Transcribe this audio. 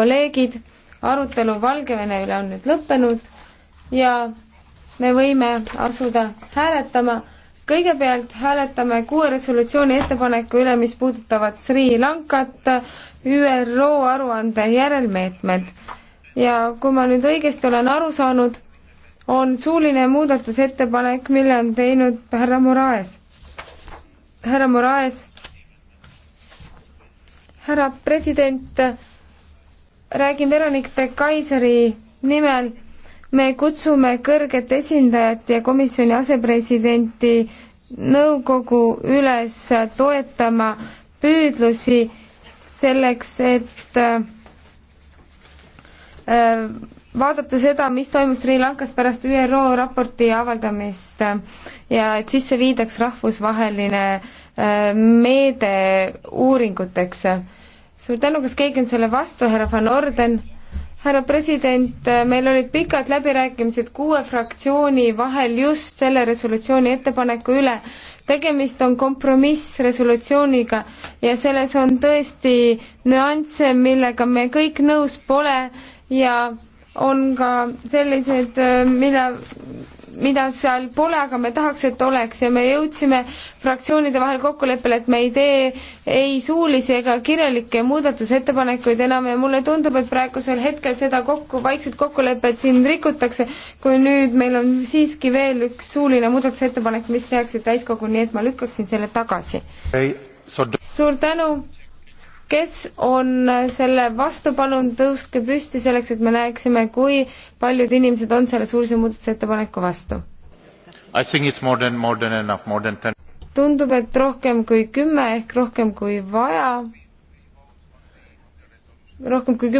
kolleegid, arutelu Valgevene üle on nüüd lõppenud ja me võime asuda hääletama. kõigepealt hääletame kuue resolutsiooni ettepaneku üle, mis puudutavad Sri Lankat, ÜRO aruande järelmeetmed. ja kui ma nüüd õigesti olen aru saanud, on suuline muudatusettepanek, mille on teinud härra Moraes. härra Moraes, härra president räägin Veronika de Kaiseri nimel. me kutsume kõrget esindajat ja komisjoni asepresidenti nõukogu üles toetama püüdlusi selleks, et äh, vaadata seda, mis toimus Sri Lankas pärast ÜRO raporti avaldamist ja et sisse viidaks rahvusvaheline äh, meede uuringuteks suur tänu, kas keegi on selle vastu, härra Van Orden? härra president, äh, meil olid pikad läbirääkimised kuue fraktsiooni vahel just selle resolutsiooni ettepaneku üle. tegemist on kompromissresolutsiooniga ja selles on tõesti nüansse, millega me kõik nõus pole ja on ka sellised, äh, mille, mida seal pole, aga me tahaks, et oleks ja me jõudsime fraktsioonide vahel kokkuleppele, et me ei tee ei suulisi ega kirjalikke muudatusettepanekuid enam ja mulle tundub, et praegusel hetkel seda kokku, vaikset kokkulepet siin rikutakse, kui nüüd meil on siiski veel üks suuline muudatusettepanek, mis tehakse täiskogul, nii et ma lükkaksin selle tagasi. suur tänu! kes on selle vastu, palun tõuske püsti selleks, et me näeksime, kui paljud inimesed on selle suuruse muudatusettepaneku vastu. tundub, et rohkem kui kümme ehk rohkem kui vaja, rohkem kui kümme